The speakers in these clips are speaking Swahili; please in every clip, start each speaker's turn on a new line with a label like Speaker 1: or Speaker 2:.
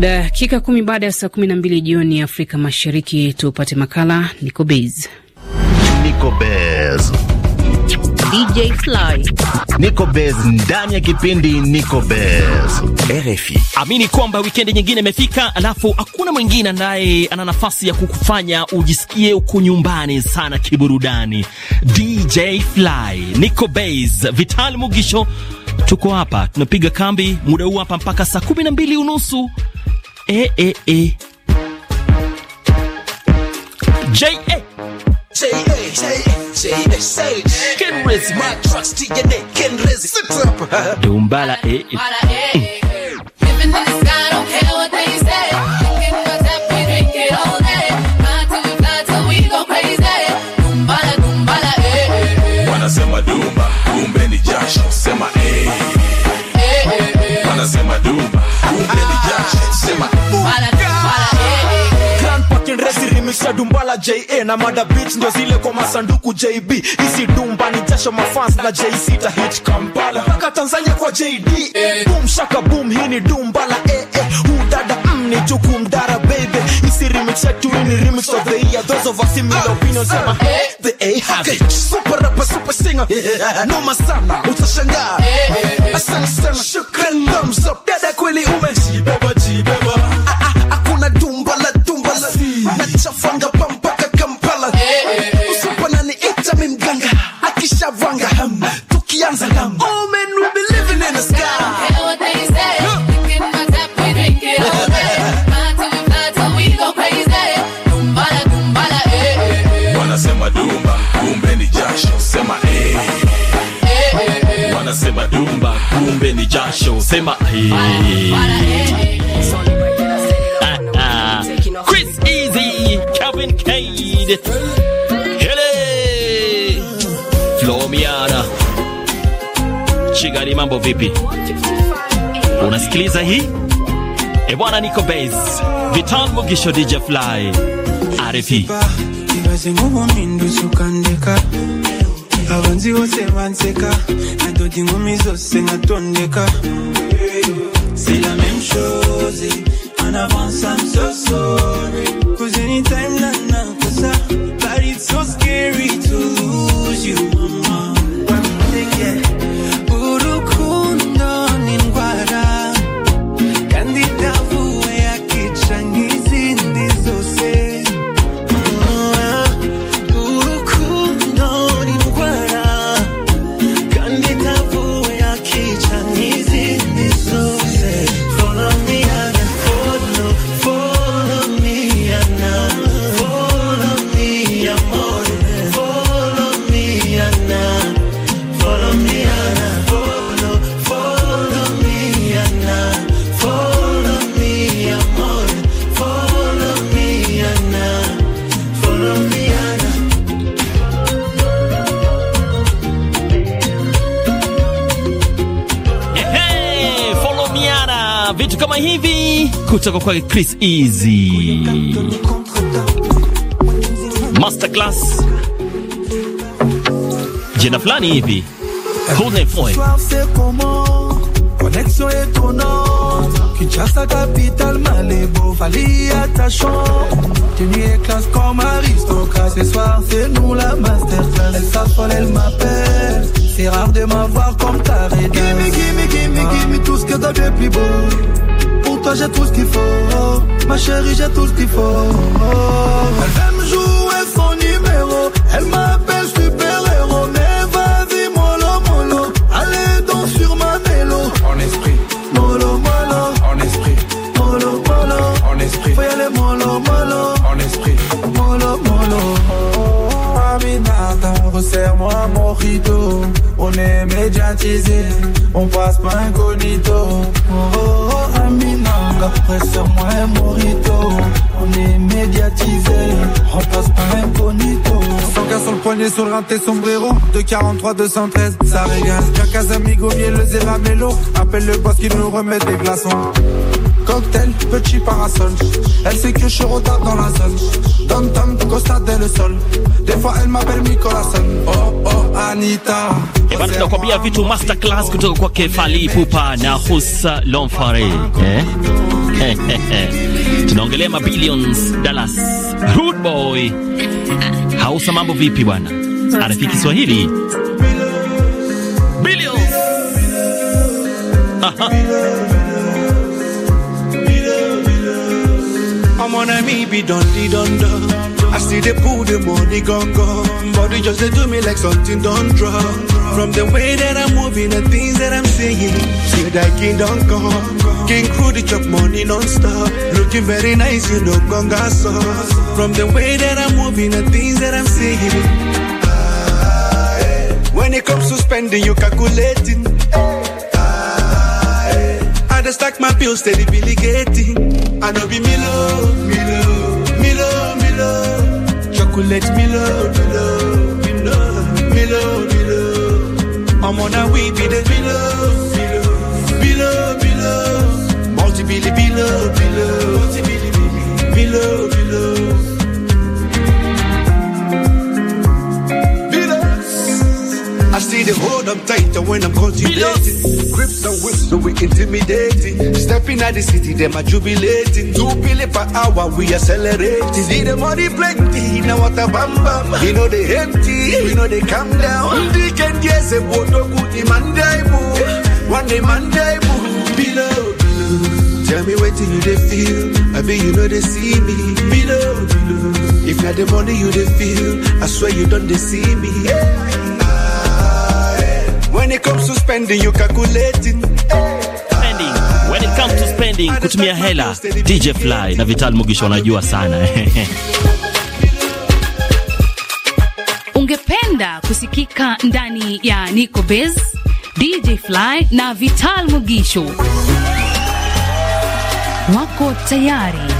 Speaker 1: Dakika kumi baada ya saa kumi na mbili jioni Afrika Mashariki, tupate makala Niko DJ Fly.
Speaker 2: ndani ya kipindi Niko RFI.
Speaker 3: Amini kwamba wikendi nyingine imefika, alafu hakuna mwingine anaye ana nafasi ya kukufanya ujisikie uko nyumbani sana kiburudani. DJ Fly, Niko Base, Vital Mugisho Tuko hapa tunapiga kambi muda huu hapa mpaka saa kumi na mbili unusu Eh, eh, eh. J.A. J.A. J.A. J.A. Can raise my trust to your neck. Can raise it. Sit up. Dumbala, eh,
Speaker 1: eh. eh. Living in the sky, don't care what they say.
Speaker 2: dumbala ja na mada beach ndio zile kwa masanduku jb hizi dumba ni jasho mafans na j6 hit kampala paka tanzania kwa jd boom shaka boom hii ni dumbala eh, eh. mm, ni chuku mdara baby hizi remix yetu ni remix of the year those of us ah, opinions ah, eh. Eh, the a have it super rapper super singer eh, sana shukran thumbs up dada kweli
Speaker 3: sema dumba, kumbe ni jasho, sema hii Flomiana. Chigali, mambo vipi? Unasikiliza hii e bwana, niko base Vitan Mugisho, DJ Fly RFI
Speaker 2: ibaze ngubu mindu sukandeka. abanzi wose banseka méthode inkumi zose nkatondeka c'est la même chose en avance en soso
Speaker 3: kutoka kwake Chris Easy
Speaker 2: masterclass
Speaker 3: jina fulani hivi
Speaker 2: Connexion étonnante, Kinshasa capitale, Malébo, Fali attachant. Tenue classe comme aristocrate, ce soir c'est nous la masterclass. Elle s'affole, elle m'appelle, c'est rare de m'avoir comme ta Gimme, gimme, gimme, gimme tout ce que t'as de plus beau j'ai tout ce qu'il faut Ma chérie j'ai tout ce qu'il faut Elle moi morito, on est médiatisé, on passe pas incognito. Oh, oh, oh Aminanga, presseur moi Morito on est médiatisé, on passe pas incognito. 100 sur le poignet, sur le rinté, sombrero, 243, 213, ça régale. Carcas, amigo, miel, le Zélamello, appelle le boss qui nous remet des glaçons. Cocktail, petit parasol. Elle sait que je suis retard dans la zone. Tom Tom, Costa le sol. Des fois elle m'appelle Nicolason. Oh oh Anita. Et Bwana, tunakwambia vitu masterclass quoi kwake Fally
Speaker 3: Ipupa na Hussa Lomfare eh? ma billions, dollars. Rude boy hausa, mambo vipi bwana? Arafiki Kiswahili billions.
Speaker 2: Aha. na me be dundee dundun I still they pull the money gone gone Body just dey do me like something don't drop From the way that I'm moving and things that I'm saying Say that king don't come King crew dey chop money non-stop Looking very nice you know gonga sauce From the way that I'm moving and things that I'm saying when it comes to spending, you calculating. Ah, I just stack my bills steady, Billy getting. I know be Milo, Milo, Milo, Milo. Chocolate Milo, Milo, Milo, Milo, Milo. I'm on a we be the Milo, Milo, Milo, Milo. multi Milo, Milo, Milo, Milo, Milo. I see the hold up tighter when I'm contemplating. Grips and whips, so we intimidating. Stepping at the city, them are jubilating. Two billion per hour, we accelerating. See the money plenty, now what a bam bam. You know they empty, you know they come down. They can guess a water good Monday boo. One day Monday boo. Below, Tell me what you they feel. I you know they see me. Below, below. If not the money you they feel, I swear you don't they see me. Yeah. When it comes to spending, you calculate it. Spending. When it comes to spending, kutumia hela,
Speaker 3: DJ Fly na Vital Mugisha wanajua sana.
Speaker 1: Ungependa kusikika ndani ya Nico Bez, DJ Fly na Vital Mugisho wako tayari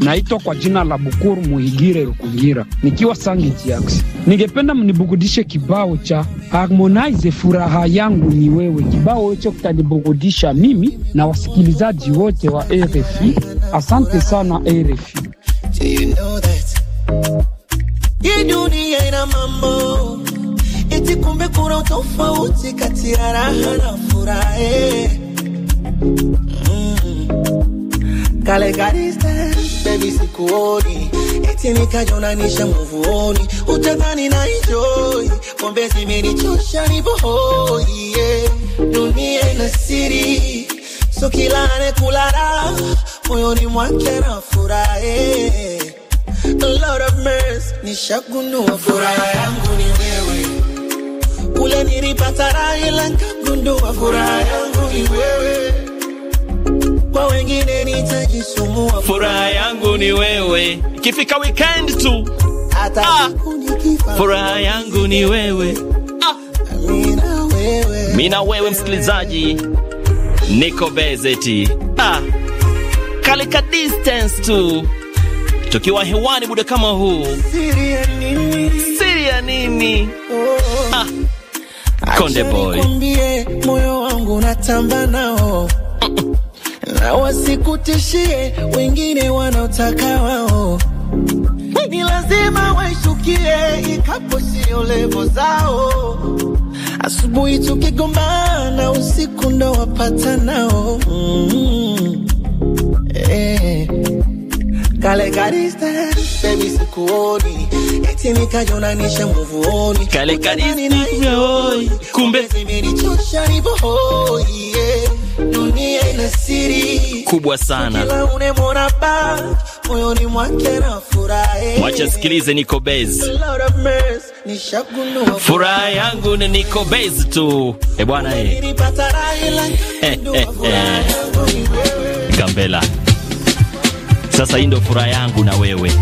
Speaker 3: Naitwa kwa jina la Bukuru Muhigire Rukungira, nikiwa Sangijiaksi.
Speaker 2: Ningependa mnibugudishe kibao cha Harmonize, furaha
Speaker 3: yangu ni wewe. Kibao hicho kitanibugudisha mimi na wasikilizaji wote wa
Speaker 2: RFI. Asante sana RFI.
Speaker 1: You know kale kariste baby sikuoni eti nisha mvuoni utadhani na enjoy pombe zimenichosha nivohoi yeah. dunia ina siri so kila anayekulala moyoni mwake na furahe eh. Lord of mercy nishagundua furaha yangu ni wewe kule nilipata raha ila nkagundua furaha yangu ni wewe kwa wengine nitajisumbua, furaha yangu
Speaker 3: ni wewe,
Speaker 1: ikifika weekend tu hata ah, furaha yangu
Speaker 3: ni wewe ah, mina wewe, mina wewe msikilizaji, niko bezeti ah, kalika distance tu tukiwa hewani muda kama huu,
Speaker 1: siri ya nini? Siri ya nini? Oh, oh. ah, Konde Boy, moyo wangu natamba nao na wasikutishie wengine wanaotaka wao, ni lazima waishukie ikapo sio levo zao. Asubuhi tukigombana, usiku ndo wapata nao mm -hmm. eh. Kale karista baby, sikuoni eti nikajonanisha nguvuoni, kale karista kumbe zimenichosha nivohoi yeah dunia ina siri kubwa sana. Wacha
Speaker 3: sikilize Niko Base,
Speaker 1: furaha yangu
Speaker 3: ni Niko Base tu. E bwana e. Gambela, sasa hii ndo furaha yangu na wewe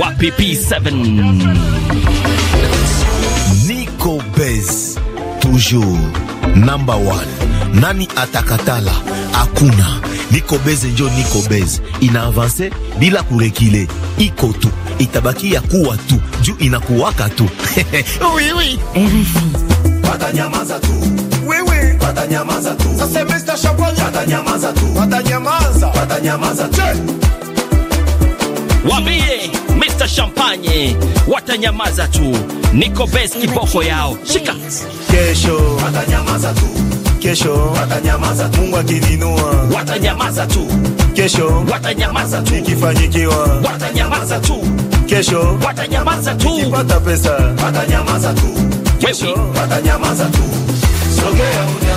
Speaker 3: wapi P7
Speaker 2: Nico Bez toujours number one. Nani atakatala? Hakuna. Nico Bez njo Nico Bez, ina avanse bila kurekile, iko tu itabaki ya kuwa tu juu inakuwaka tu oui, oui. nyamaza tu wewe, nyamaza tu sasa, Mr. Shabwanya nyamaza tu, nyamaza. watanyamaza watanyamaza,
Speaker 3: waambie champagne, watanyamaza tu. Niko best kiboko yao, shika kesho, watanyamaza tu kesho, watanyamaza
Speaker 2: tu. Mungu akininua, watanyamaza tu kesho, watanyamaza tu. Nikifanyikiwa, watanyamaza tu kesho, watanyamaza tu. Nikipata pesa, watanyamaza tu kesho, watanyamaza tu. Sogea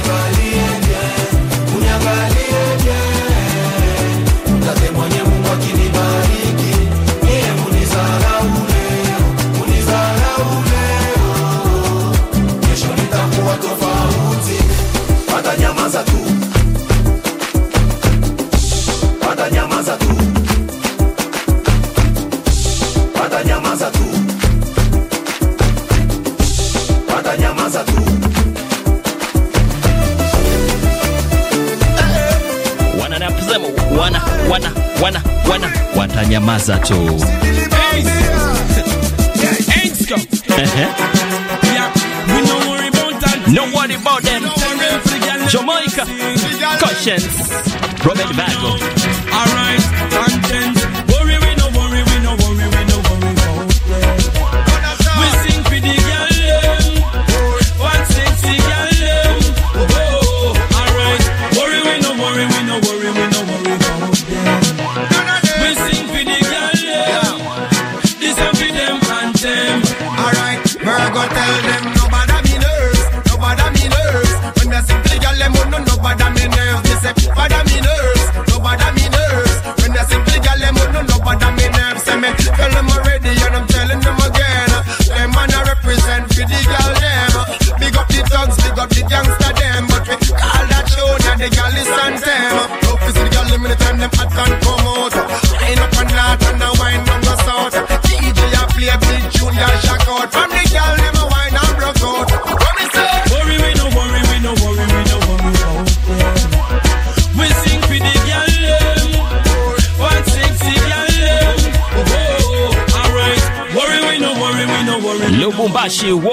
Speaker 3: Zato. No one about them. Jamaica, Cushions, Robert Vago.
Speaker 2: All right.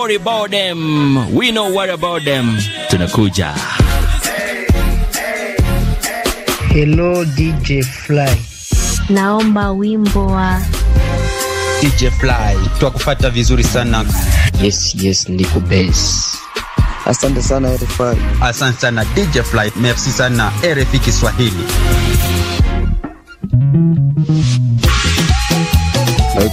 Speaker 3: worry about them. We no worry about them. Tunakuja.
Speaker 1: Hello DJ Fly. Naomba wimbo wa
Speaker 2: DJ Fly. Twakufata vizuri sana. Yes,
Speaker 3: yes, ndiko bass.
Speaker 1: Asante sana RFI.
Speaker 3: Asante sana DJ Fly. Merci sana RFI Kiswahili.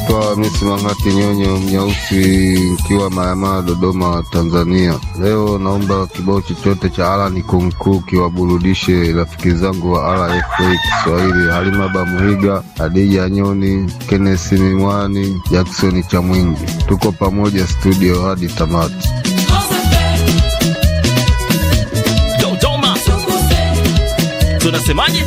Speaker 3: Naitwa Misi Mangati Nyonyo Mnyausi, ukiwa Mayamaa, Dodoma, Tanzania. Leo naomba kibao chochote cha Alani Kunku kiwaburudishe rafiki zangu wa RFA Kiswahili, Halima Bamuhiga, Hadija Nyoni, kenesi Mimwani, Jackson Chamwingi. Tuko pamoja studio hadi tamati. tunasemaje?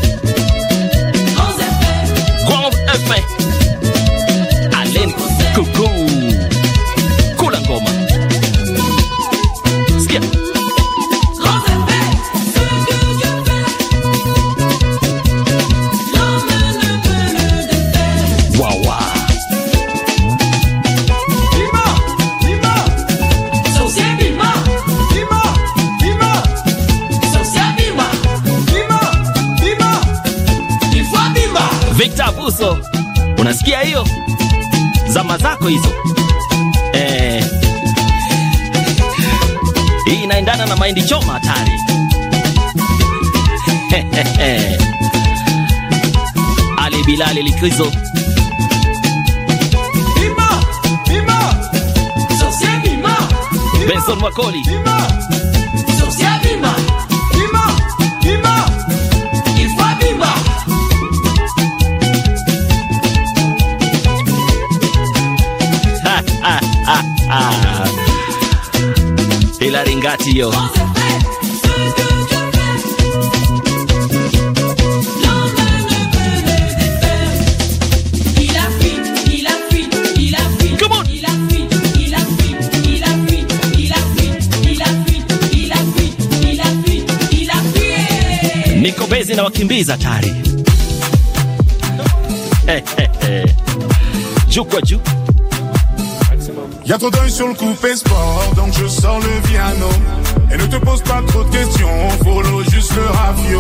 Speaker 3: zako hizo eh. Hii inaendana na mahindi choma hatari Ali Bilali likizo Benson Wakoli Bima. kati hiyo. Niko bezi na wakimbiza tari
Speaker 2: juu kwa juu Y'a trop d'œil sur le coupé sport, donc je sors le piano. Et ne te pose pas trop de questions, follow juste le radio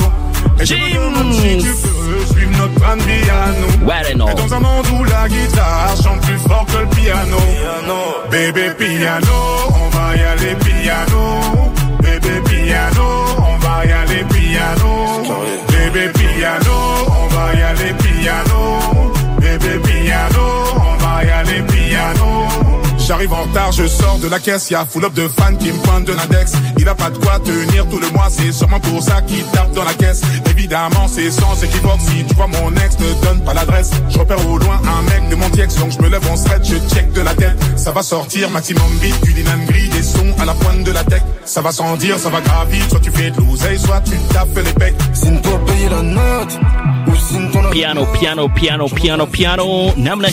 Speaker 2: Et je me demande si tu peux suivre notre train de piano. Et dans un monde où la guitare chante plus fort que le piano. piano. Bébé piano, on va y aller piano. Bébé piano, on va y aller piano. Bébé piano, on va y aller piano. J'arrive en retard, je sors de la caisse, y'a full up de fans qui me pointent de l'index. Il a pas de quoi tenir tout le mois, c'est sûrement pour ça qu'il tape dans la caisse. Évidemment, c'est sans équivoque, si tu vois mon ex, ne donne pas l'adresse. Je repère au loin un mec de mon tiex, donc je me lève en stretch, je check de la tête. Ça va sortir, maximum beat, du même gris, des sons à la pointe de la tech. Ça va sans dire, ça va gravir, soit tu fais de l'oseille, soit tu tapes les pecs. Sin toi payer note,
Speaker 3: Piano, piano, piano, piano, piano, namna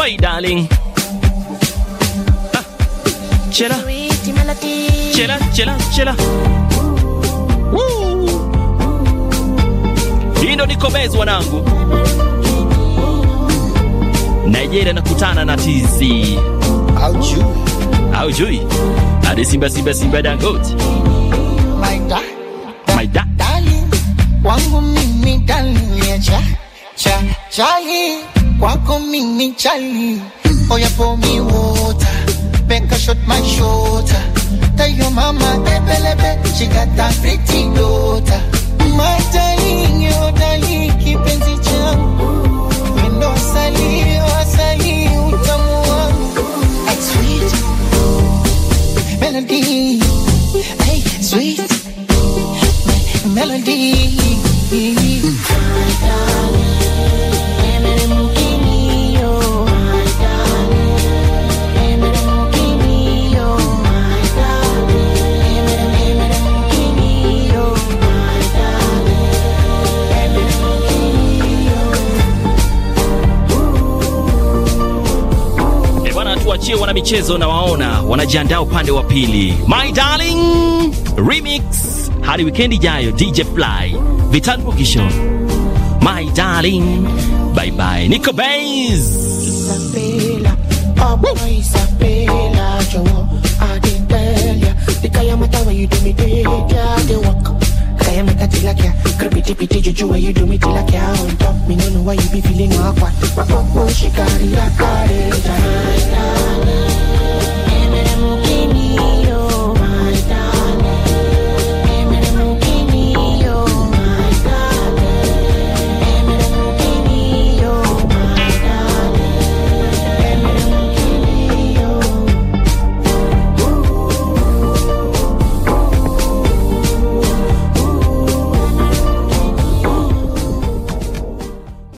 Speaker 3: my darling. Ah. Chela, Chela, chela, chela, Woo. Hii ndo nikomezi wanangu. Nigeria nakutana na TZ. Aujui. Aujui. Adi simba simba simba dangote. My da. My da.
Speaker 1: Darling. Wangu mimi darling ya cha cha cha hii kwako mimi chali oya pour me water make shot my shoulder tell mama ebelebe she got a pretty daughter my darling your darling kipenzi changu ndo salii wasalii utamu wangu sweet melody hey sweet melody my
Speaker 3: michezo na waona wanajiandaa upande wa pili. My darling remix hadi wikendi ijayo, DJ Fly Vital My darling bye bye, Nico Bays.
Speaker 1: Tipite juju where you do me till I can't stop Me no know why you be feeling awkward But she got it, I got it, I